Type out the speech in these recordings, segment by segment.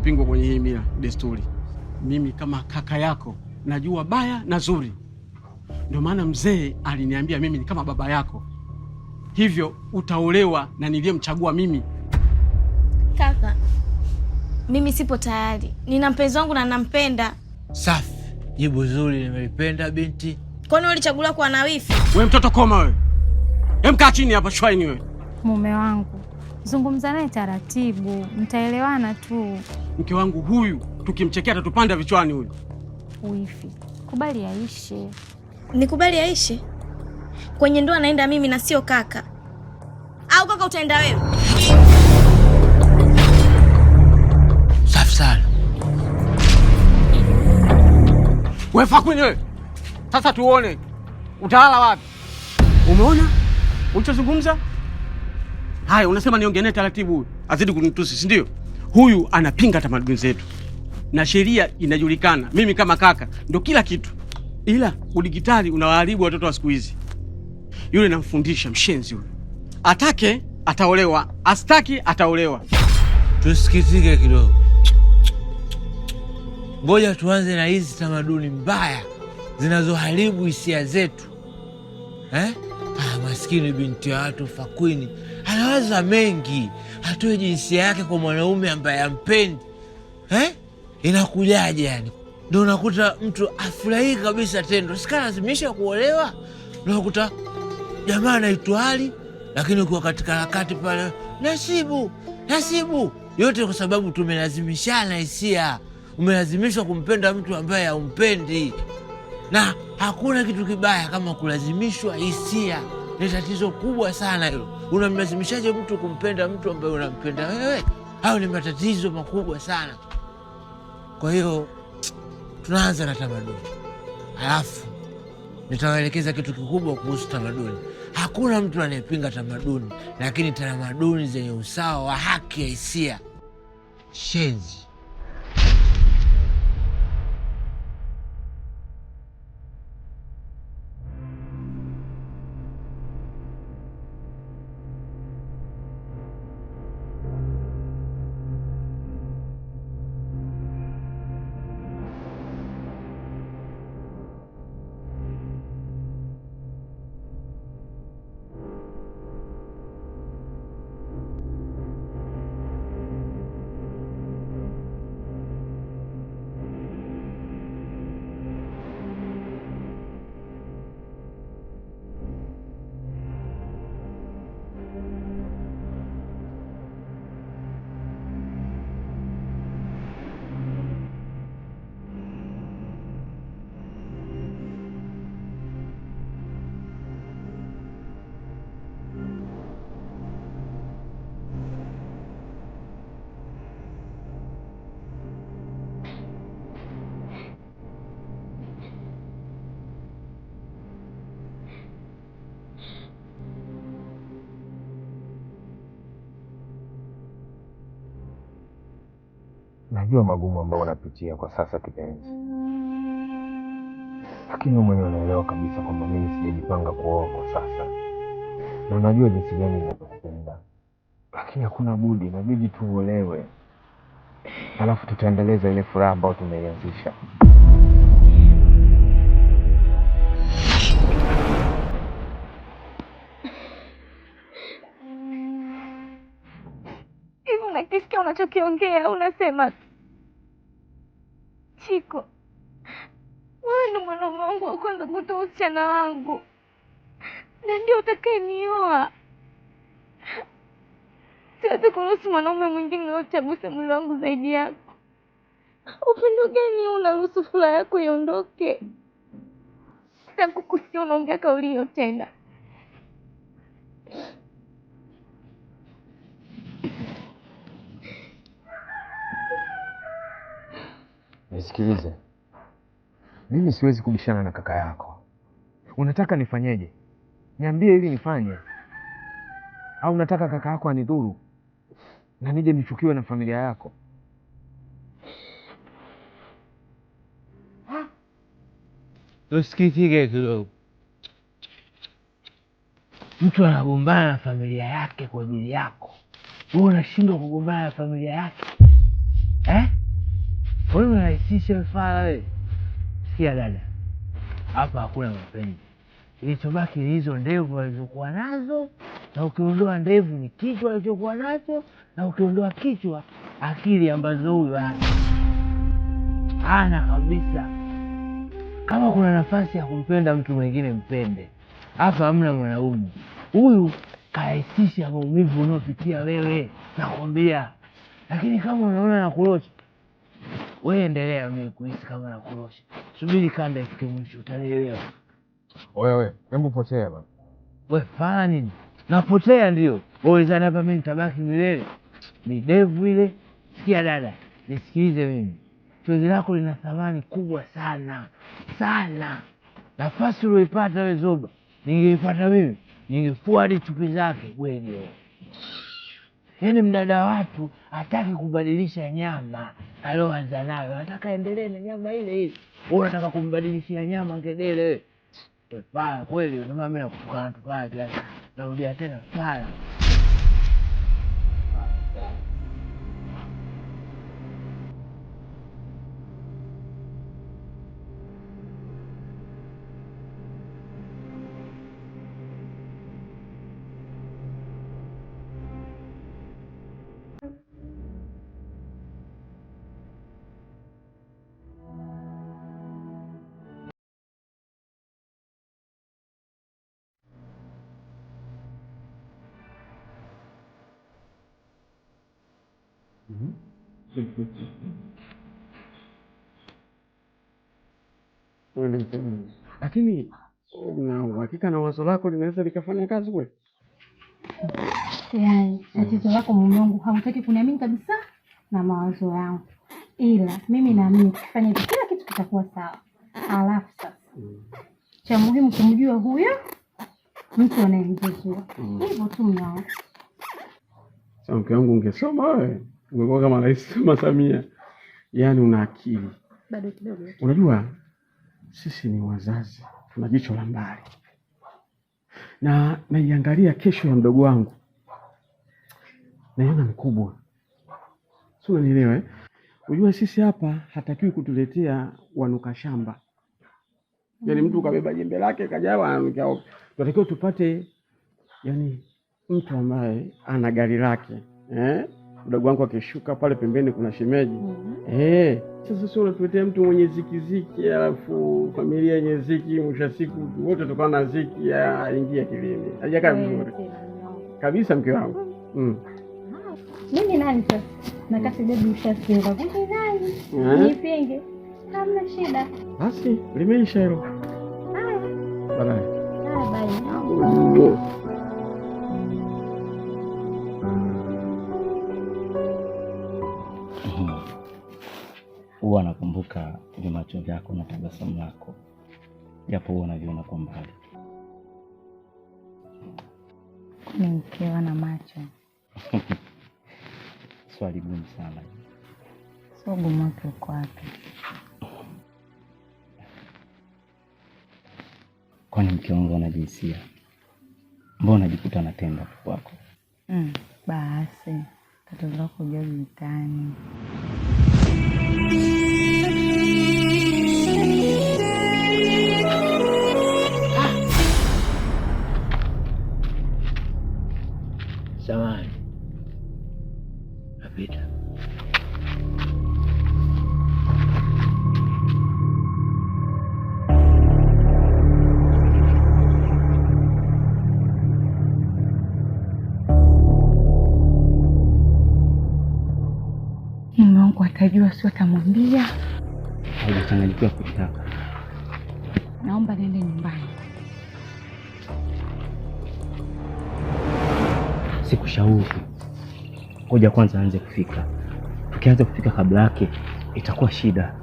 kupingwa kwenye hii mila desturi. Mimi kama kaka yako najua baya na zuri, ndio maana mzee aliniambia mimi ni kama baba yako, hivyo utaolewa na niliyemchagua mimi. Kaka, mimi sipo tayari, nina mpenzi wangu na nampenda. Safi, jibu zuri, nimeipenda binti. Kwani ulichaguliwa kuwa na wifi? We mtoto koma, wewe, Hem, kaa chini hapa shwaini, wewe. Mume wangu zungumza naye taratibu, mtaelewana tu. Mke wangu huyu tukimchekea atatupanda vichwani. Huyu uifi, kubali aishe. Nikubali aishe kwenye ndoa? Naenda mimi na sio kaka, au kaka utaenda wewe? Safi sana wefa kwenyewe. Sasa tuone utalala wapi? Umeona ulichozungumza? Haya, unasema niongee naye taratibu, huyu azidi kunitusi, si ndio? Huyu anapinga tamaduni zetu na sheria inajulikana. Mimi kama kaka ndo kila kitu, ila udigitali unawaharibu watoto wa siku hizi. Yule namfundisha mshenzi huyu, atake ataolewa, astaki ataolewa. Tusikitike kidogo, ngoja tuanze na hizi tamaduni mbaya zinazoharibu hisia zetu eh? Ah, maskini binti ya watu fakwini anawaza mengi, atoe jinsia yake kwa mwanaume ambaye ampendi eh? Inakujaje yani? Ndo unakuta mtu afurahii kabisa tendo, sikalazimisha kuolewa. Unakuta jamaa anaitwali, lakini ukiwa katika harakati pale, nasibu nasibu, yote kwa sababu tumelazimishana hisia. Umelazimishwa kumpenda mtu ambaye haumpendi, na hakuna kitu kibaya kama kulazimishwa hisia. Ni tatizo kubwa sana hilo. Unamlazimishaje mtu kumpenda mtu ambaye unampenda wewe? Hayo ni matatizo makubwa sana. Kwa hiyo tunaanza na tamaduni, alafu nitawaelekeza kitu kikubwa kuhusu tamaduni. Hakuna mtu anayepinga tamaduni, lakini tamaduni zenye usawa wa haki ya hisia shenzi najua magumu ambayo unapitia kwa sasa kipenzi, lakini mwenyewe unaelewa kabisa kwamba mimi sijajipanga kuoa kwa sasa, na unajua jinsi gani ninakupenda, lakini hakuna budi, inabidi tuolewe, alafu tutaendeleza ile furaha ambayo tumeianzisha. unachokiongea unasema Chiko, wewe ndo mwanaume wangu wa kwanza kutoa usichana wangu na ndio utakayenioa. Siwezi kuruhusu mwanaume mwingine yoyote aguse mwili wangu zaidi yako. Upendo gani unaruhusu furaha yako iondoke? Sitakukusikia unaongea kauli hiyo tena. Nisikilize, mimi siwezi kubishana na kaka yako. Unataka nifanyeje? Niambie ili nifanye, au unataka kaka yako anidhuru na nije nichukiwe na familia yako? Tusikitike kidogo. Mtu anagombana na familia yake kwa ajili yako, wewe unashindwa kugombana na familia yake? Kwa hiyo unarahisisha mfala wewe. Sikia dada, hapa hakuna mapenzi. Ilichobaki ni hizo ndevu walizokuwa nazo, na ukiondoa ndevu ni kichwa alichokuwa nacho, na ukiondoa kichwa akili ambazo huyo ana ana kabisa. Kama kuna nafasi ya kumpenda mtu mwingine, mpende. Hapa hamna mwanaume. Huyu karahisisha maumivu unaopitia wewe, nakwambia. Lakini kama unaona nakulocha wewe endelea, mimi kuhisi kama nakurosha. Subiri kanda ifike mwisho, utanielewa. Wewe hebu potea bana. Wewe fanya nini? Napotea ndio wawezana hapa, mimi nitabaki milele midevu ile. Sikia dada, nisikilize mimi, chozi lako lina thamani kubwa sana sana. Nafasi ulioipata wewe Zuba, ningeipata mimi ningefua hadi chupi zake wewe. Yaani mdada watu hataki kubadilisha nyama, alioanza nayo nataka endelee na nyama ile ile, unataka kumbadilishia nyama ngedele. Pala kweli, ndio maana mimi nakutukana tukana, narudia tena pala Lakini na uhakika na wazo lako linaweza likafanya kazi kweli? Yaani tatizo lako mume wangu hautaki kuniamini kabisa na mawazo yangu, ila mimi naamini tukifanya hivi kila kitu kitakuwa sawa. Alafu sasa mm. cha muhimu kumjua huyo mtu anayemzuzua. Mm. Hivyo mm. tu mwanangu. Sasa mke wangu, ungesoma wewe umekuwa kama rais kama Samia, yaani una akili bado kidogo. Unajua sisi ni wazazi, tuna jicho la mbali, na naiangalia kesho ya mdogo wangu naiona mkubwa, si unanielewa Unajua sisi hapa hatakiwi kutuletea wanuka shamba, yani mtu kabeba jembe lake kajawa ananukia Tunatakiwa tupate yani mtu ambaye ana gari lake eh? mdogo wangu akishuka pale pembeni kuna shemeji mm -hmm. Eh, sasa sio unatuletea mtu mwenye ziki ziki, alafu familia yenye ziki, mwisho siku wote tokana na ziki, aingia kilini, hajakaa eh, vizuri kabisa mke wangu mm. Mimi nani sasa? Na mm. kasi bebi ushasinga. Mimi nani? Eh? Nipinge. Hamna shida. Basi, limeisha hilo. bye Bye. Bye. Bye. hii huwa anakumbuka vimacho vyako na tabasamu lako, japo huwa anaviona kwa mbali. Ni mkiwa na macho swali gumu sana. So gumu wake uko Kwani mke wangu ana jinsia? Mbona najikuta natenda kwako? Mm, basi Pero loco, yo gritando. najua sio atamwambia. Haujachanganyikiwa kutaka. Naomba niende nyumbani. Sikushauri. Ngoja kwanza aanze kufika. Tukianza kufika kabla yake itakuwa shida.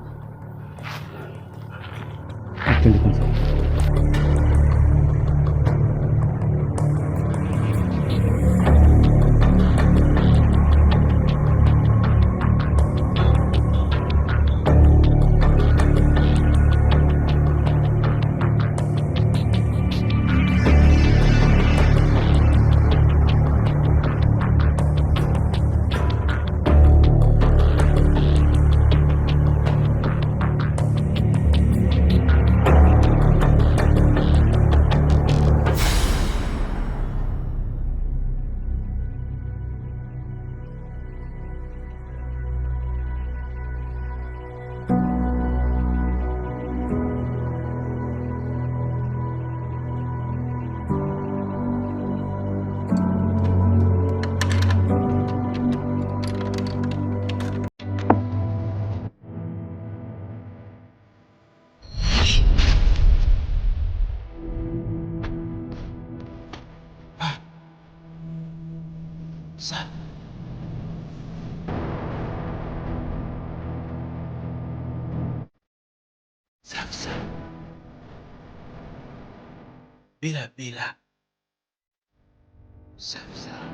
Twende kwanza. Sir. Sir, sir. Bila, bila. Sir, sir.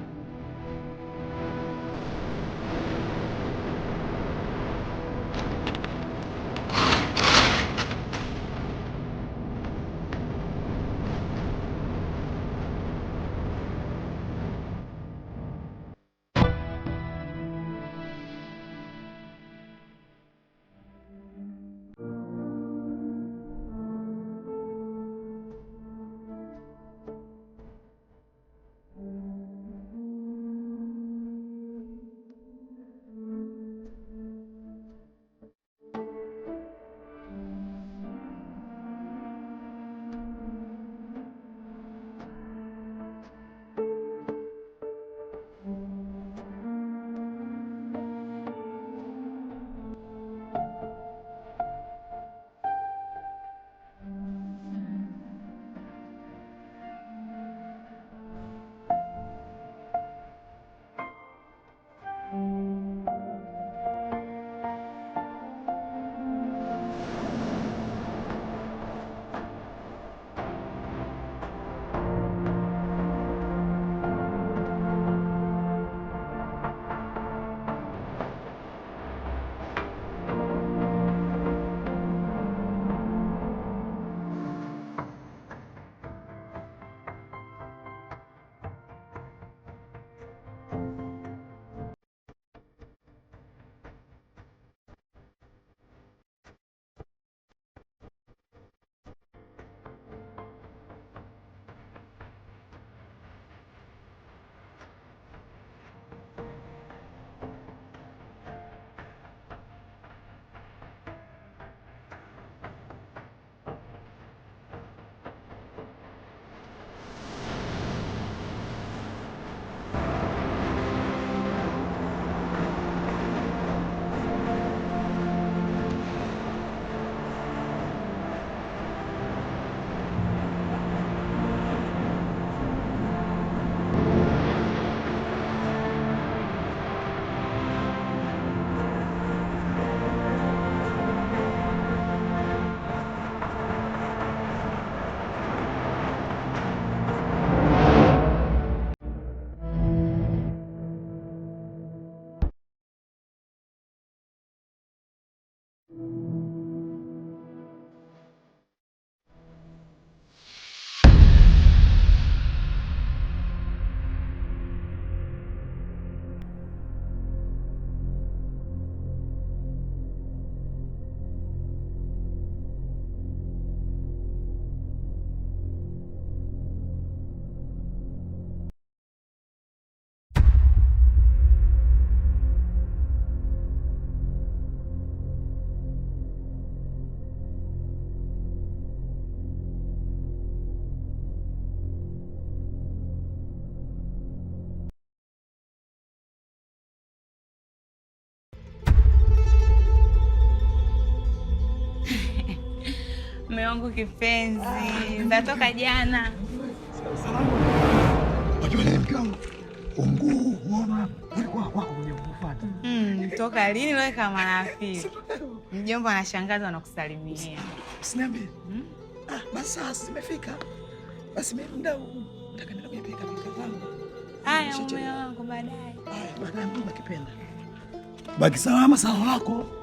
Mume wangu kipenzi, natoka jana. Unajua nini mke wangu? Unguu unaona ulikuwa yaani wako mwenye kufuata. Mm, toka lini wewe kama marafiki? Mjomba anashangaza anakusalimia. Usiniambie. Mm? Ah, basi sasa nimefika. Basi mimi muda nataka nenda kuyapika pika zangu. Haya, mume wangu baadaye. Haya, baadaye mtu kipenda. Baki salama, sawa lako.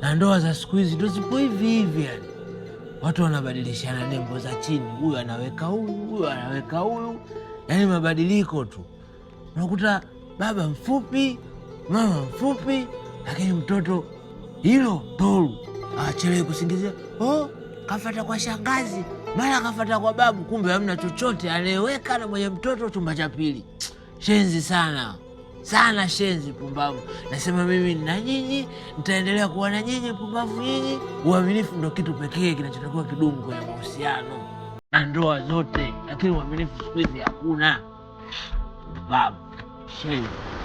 na ndoa za siku hizi ndo zipo hivi hivi, yani watu wanabadilishana nembo za chini, huyu anaweka huyu, huyu anaweka huyu, yani mabadiliko tu. Unakuta baba mfupi, mama mfupi, lakini mtoto hilo tolu achelewe kusingizia, oh, kafata kwa shangazi, mara kafata kwa babu, kumbe hamna chochote, anayeweka na mwenye mtoto chumba cha pili. Shenzi sana sana shenzi pumbavu. Nasema mimi na nyinyi, nitaendelea kuwa na nyinyi pumbavu nyinyi. Uaminifu ndo kitu pekee kinachotakiwa kidumu kwenye mahusiano na ndoa zote, lakini uaminifu siku hizi hakuna pumbavu shenzi